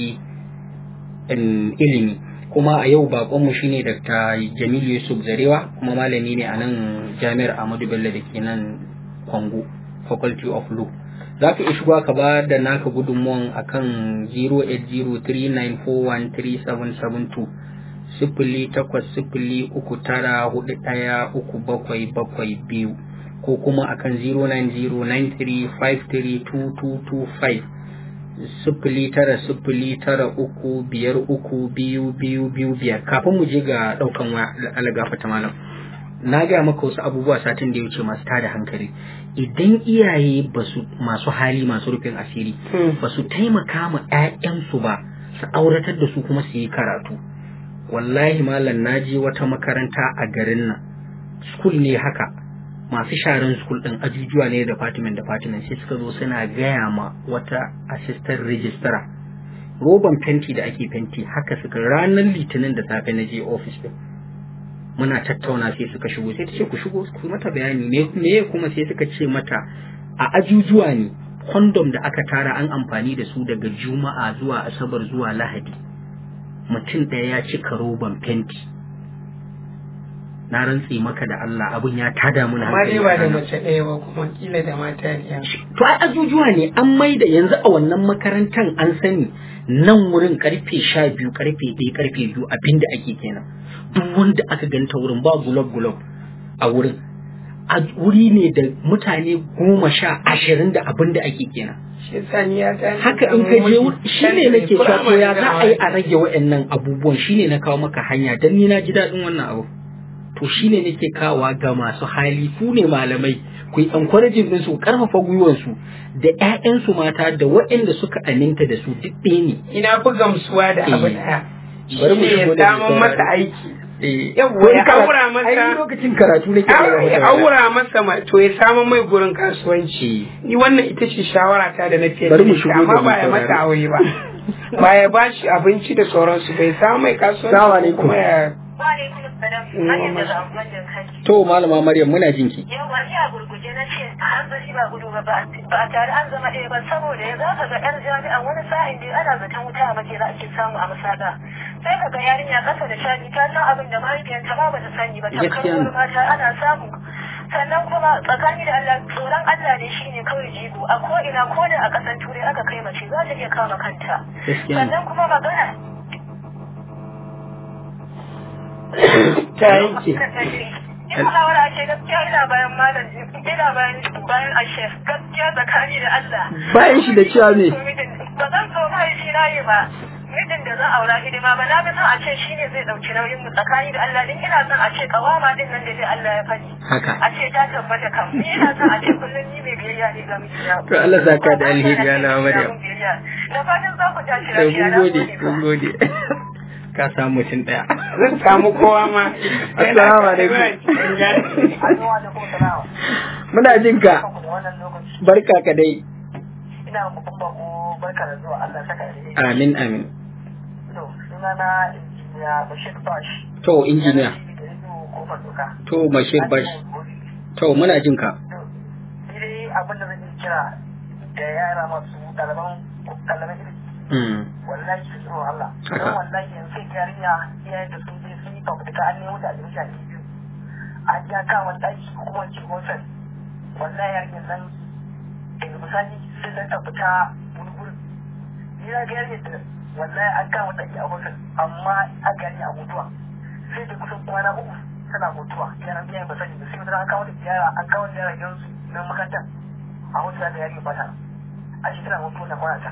ilimi kuma a yau shi shine Dr. Jamil Yusuf Zarewa kuma malami ne a nan Jami'ar Ahmadu Bello da ke nan Kwango Faculty of Law za ka iya shigo ka ba da naka gudunmuwan a kan 08039413772 sifili takwas sifili uku tara ɗaya ko kuma a kan 09093532225 sifili tara sifili tara uku biyar uku biyu biyu biyu biyar kafin mu je ga ɗaukan alagafa ta malam na gaya maka wasu abubuwa satin da ya wuce masu tada hankali idan iyaye basu masu hali masu rufin asiri hmm. ba su taimaka ma ƴaƴansu ba su auratar da su kuma su yi karatu wallahi malam naji wata makaranta a garin nan school ne haka masu sharan school din ajujuwa ne department department sai suka zo suna gaya ma wata assistant registrar roban fenti da ake fenti haka suka ranar litinin da safe na je office din muna tattauna sai suka shigo sai ta ce ku shigo ku mata bayani me me kuma sai suka ce mata a ajujuwa ne kondom da aka tara an amfani da su daga juma'a zuwa asabar zuwa lahadi mutum ɗaya ya cika roban fenti na rantsi maka da Allah abun ya tada mun hankali ba da mace ɗaya ba kuma kila da mata biya to ai ajujuwa ne an maida yanzu a wannan makarantan an sani nan wurin karfe 12 karfe 1 karfe 2 abinda ake kenan duk wanda aka ganta wurin ba gulob gulob a wurin a wuri ne da mutane goma sha ashirin da abin da ake kenan haka in ka je shi ne nake shafo ya za a yi a rage wa'annan abubuwan shi ne na kawo maka hanya don ni na ji daɗin wannan abu to shi ne nake kawa ga masu hali ku ne malamai ku yi encouraging din su karfafa gwiwansu da ƴaƴansu mata da waɗanda suka aminta da su duk ɗaya ne ina ku gamsuwa da abu eh. ɗaya shi ne ya samun masa aiki eh. yawwa ya aura masa lokacin karatu ne aura masa to ya samu mai gurin kasuwanci eh. ni wannan ita ce shawara ta da na fiye da amma ba ya aure ba ba ya bashi abinci da sauransu bai samu mai kasuwanci kuma ya To malama Maryam muna jin ki. Yawa ni a gurguje na ce har ba shi ba gudu ba ba a tare an zama ɗaya ba saboda ya zaka ga ƴan jami'an. wani sa'in dai ana zaton wuta a makera ake samu a masaka. Sai ka ga yarinya ƙasa da shani ta san abin da mahaifiyarta ba ba ta sani ba ta kamar mata ana samu sannan kuma tsakani da Allah tsoron Allah ne shine kawai jigo a ko'ina koda ko da a ƙasan turai aka kai mace za ta iya kama kanta sannan kuma magana ta yanke bayan shi da cewa me ba zan so mai shi rayi ba mijin da zan aura hidima ba na bi son a ce shi ne zai dauki nauyin mu tsakani da Allah din ina son a ce kawa ma din nan da dai Allah ya faɗi haka a ce ta tabbata kan ni ina son a ce kullum ni mai biyayya ne ga mijina to Allah zaka da alheri ya na Maryam na fatan za ku tashi lafiya na gode gode ka samu mutum daya zan samu kowa ma assalamu alaikum muna jin ka barka ka dai ina muku bako barka da zuwa Allah saka amin amin to na injiniya Bashir Bash to injiniya to Bashir Bash to muna jin ka dai abin da zan kira da yara masu ɗaliban ɗaliban Hmm. wallahi shi tsoron Allah don wallahi yanzu sai yarinya iyayen da sun je sun yi fafutuka an nemo da abin shafi biyu an ja kama ɗaki ko kuma ce hotel wallahi yarinya nan daga misali sai zan tafuta wani gurin ni na ga yarinya da wallahi an kama ɗaki a hotel amma an gani a mutuwa sai da kusan kwana uku tana mutuwa yaran iyayen ba sani ba sai wani an kawo da yara an kawo da yara gidansu na makarantar a hotel da yarinya ba ta a shi tana mutuwa na kwana ta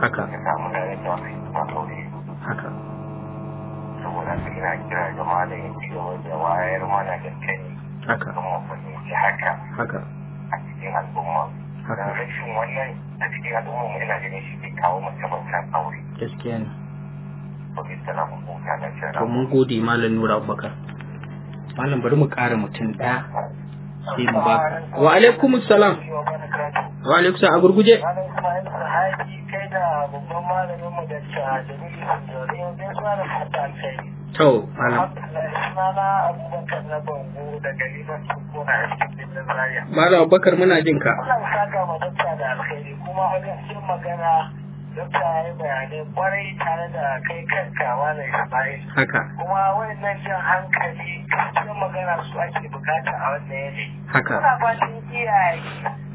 haka haka saboda su ina kira ga malayin cewa da wayar mana da kai haka kuma fahimci haka haka a cikin al'umma haka rashin wannan a cikin al'umma mu ina ganin shi ke kawo Haka. aure gaskiya ne to mun gode malam nura Haka. malam bari mu Haka. mutum Haka. sai mu ba wa alaikum Haka. wa alaikum Haka. a gurguje da babban malamin mu da jami'i da yau zai To, malam. Abubakar na Bango daga a Malam Abubakar muna jin ka. saka ma dokta da alkhairi kuma wajen cin magana dokta ya yi bayanai kwarai tare da kai kanka malam Ismail. Haka. Kuma wannan jan hankali cikin magana su ake bukata a wannan yanayi. Haka. Muna fatan iyaye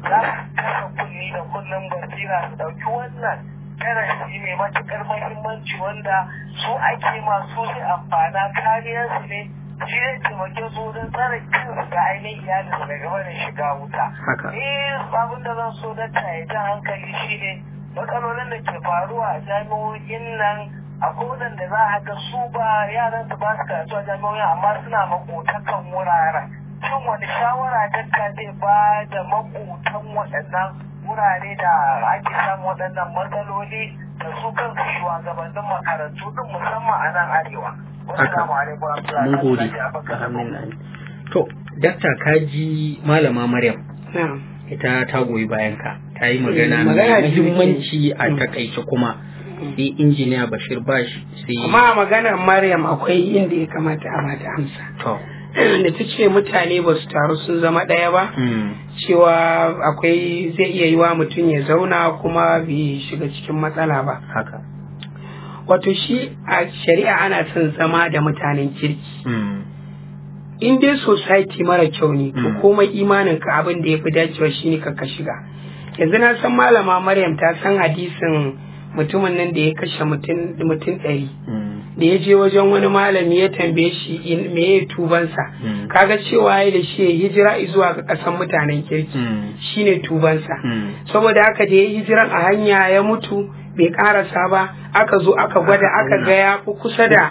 za su kasa kunni da kunnen basira su ɗauki wannan darasi mai matuƙar mahimmanci wanda su ake masu su amfana kariyarsu ne shi ne taimake su wajen tsara kansu da ainihin iyalinsu daga wani shiga wuta. Ni abin da zan so don ta hankali shi ne matsalolin da ke faruwa a jami'o'in nan akwai da za a ga su ba yaran su ba su karatu a jami'o'in amma suna makotakan wuraren. shin wani shawara dakka zai ba da makotan waɗannan wurare da ake samun waɗannan matsaloli da su shuwa gabanin makarantu din musamman a nan arewa. Assalamu To, dakta kaji malama Maryam. Ita ta goyi bayan ka. Ta yi magana mm, mai muhimmanci a takaice kuma. Mm. Sai injiniya Bashir Bash sai. Kuma maganar Maryam akwai inda ya kamata a mata amsa. To. da ta ce mutane ba su taru sun zama ɗaya ba hmm. cewa akwai zai iya yi wa mutum ya zauna kuma bai shiga cikin matsala ba haka wato shi a shari'a ana son zama da mutanen kirki hmm. in dai society mara kyau ne to hmm. komai imanin ka abin da ya fi dacewa shine ka ka shiga yanzu na san malama maryam ta san hadisin mutumin nan da ya kashe mutum ɗari mm. da ya je wajen wani malami ya tambaye shi me ya tubansa mm. kaga cewa ya da shi ya hijira zuwa ga ƙasan mutanen kirki mm. shine tubansa saboda haka da ya hijiran a hanya ya mutu bai karasa ba aka zo aka gwada aka ga ya kusa da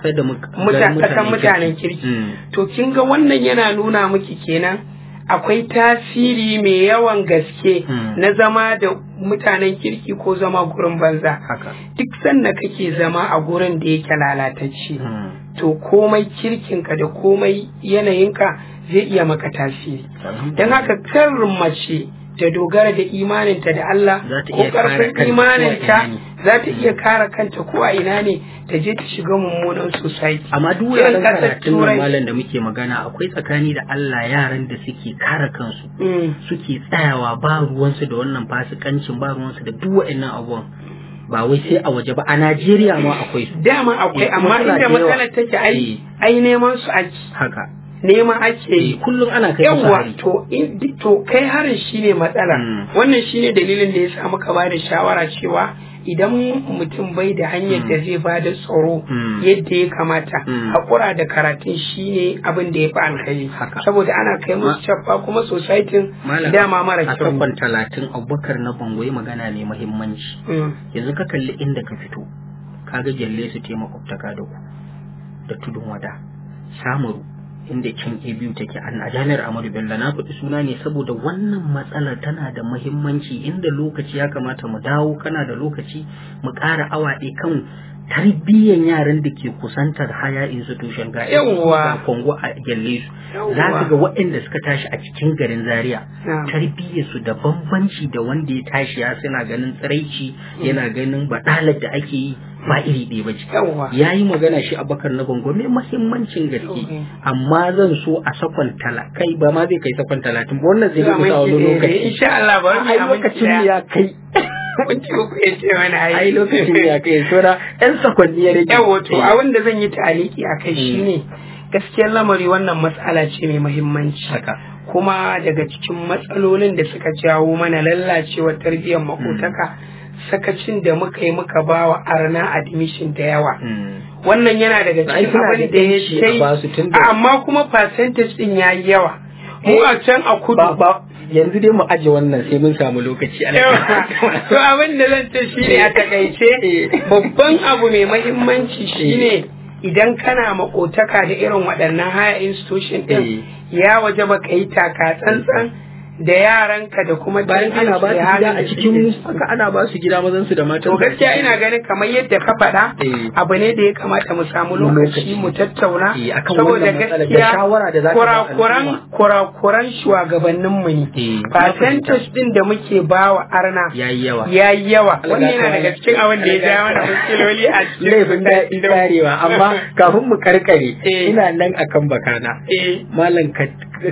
mutanen kirki to kin ga wannan yana nuna miki kenan akwai tasiri mai yawan gaske hmm. na zama da mutanen kirki ko zama gurin banza duk sanda kake zama a gurin da yake lalatacce hmm. to komai kirkinka da komai yanayinka zai iya maka tasiri don haka kan mace ta dogara da imaninta da Allah ko karfin imaninta za ta iya kare kanta ko a ina ne ta je ta shiga mummunan society amma duk wuraren karatun nan malam da muke magana akwai tsakani da Allah yaran da suke kare kansu mm. suke tsayawa ba ruwansu da wannan fasikancin ba ruwansu da duk waɗannan abubuwan ba wai sai a waje ba a Najeriya ma akwai su dama akwai eh, amma inda matsalar take ai eh. ai neman su ake haka nema ake yi eh, kullum ana kai yawa to to kai harin shine matsala mm. wannan shine dalilin da ya sa muka ba da shawara cewa idan mutum bai da hanyar da hmm. zai ba da tsaro hmm. yadda ya kamata hmm. haƙura da karatun shi ne abin da ya fi alkhairi saboda ana kai musu cappa kuma sosaitin dama mara kyau a talatin abubakar na bango magana mai muhimmanci yanzu ka kalli inda ka fito ka ga gyalle su taimaka da ku da tudun wada samuru inda can biyu take a jami'ar Amadu Bello na faɗi suna ne saboda wannan matsalar tana da muhimmanci inda lokaci ya kamata mu dawo kana da lokaci mu ƙara awa ɗaya kan tarbiyyar yaran da ke kusantar haya institution ga yawwa kongo a gyalle su za ka ga waɗanda suka tashi a cikin garin zaria tarbiyyar su da bambanci da wanda ya tashi ya suna ganin tsiraici yana ganin baɗalar da ake yi ba iri ɗaya ba ce ya yi magana shi abakar na gongo mai mahimmancin gaske amma zan so a sakon kai ba ma zai kai sakon talatin ba wannan zai kusa wani lokaci eh, insha Allah ba wani lokacin ya kai minti uku ya ce wani ai ai lokacin ya kai sura Ƴan sakonni ya rage yawo to eh. a wanda zan yi taliki a kai eh. shine gaskiyar lamari wannan matsala ce mai mahimmanci kuma daga cikin matsalolin da suka jawo mana lalacewar tarbiyyar makotaka mm. sakacin da muka yi muka ba wa arna admission da yawa hmm. wannan yana daga cikin abin da ya shi amma kuma percentage din ya yi yawa mu a eh, can a kudu yanzu dai mu aje wannan sai mun samu lokaci a to abin da zan ce shine a takaice eh. babban abu mai mahimmanci eh. shine idan kana makotaka da irin waɗannan haya institution din ya waje baka yi taka tsantsan da yaranka da kuma bayan ana ba su gida a cikin haka ana ba su gida mazan su da matan to gaskiya ina ganin kamar yadda ka faɗa eh. abu ne da ya kamata mu samu lokaci mu tattauna eh, saboda gaskiya kurakuran kurakuran shugabannin mu ne percentage eh, din da muke bawa arna yayi yawa yayi yawa wannan yana daga cikin abin da ya ja mana muskiloli a cikin laifin daɗi karewa amma kafin mu karkare ina nan akan bakana malam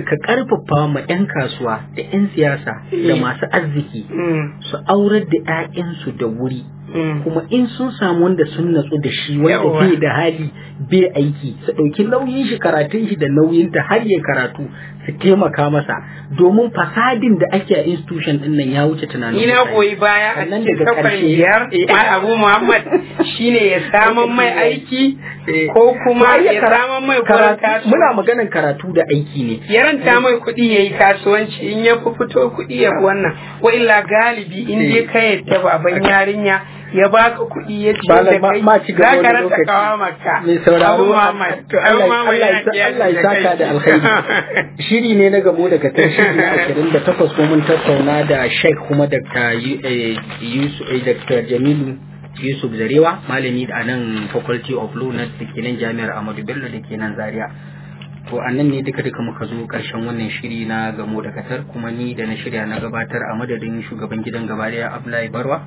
ka karfafa ma 'yan kasuwa da 'yan siyasa da eh. masu arziki mm. su aurar da 'ya'yansu da wuri Mm. kuma in sun samu wanda sun natsu da shi wanda bai da hali bai aiki su ɗauki nauyin shi karatun shi da nauyin ta har ya karatu su taimaka masa domin fasadin da ake a institution din nan ya wuce tunanin ina koyi baya a cikin kafar biyar eh. abu muhammad shine ya saman mai aiki eh. ko kuma ya saman mai karatu muna maganan karatu da aiki ne ya ranta mai kuɗi ya yi kasuwanci in ya fito kuɗi ya wannan wa illa galibi in dai eh. kai ta baban yarinya ya ba ka kuɗi ya ce da kai za ka rasa kawa maka mai sauraro Allah ya saka da alkhairi shiri ne na gamo daga tun shiri na ashirin da takwas ko mun tattauna da Sheikh kuma Dr. Eh, eh, Dr. Jamilu Yusuf Zarewa malami a nan Faculty of Law na dake Jami'ar Amadu Bello da ke nan Zaria to a nan ne duka duka muka zo karshen wannan shiri na gamo da katar kuma ni da na shirya na gabatar a madadin shugaban gidan gaba daya Abdullahi Barwa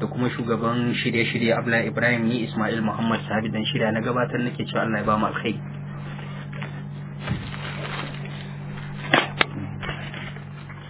da kuma shugaban shirye-shirye Abla Ibrahim ni Ismail Muhammad Sabi dan shirya na gabatar nake cewa Allah ya ba mu alkhairi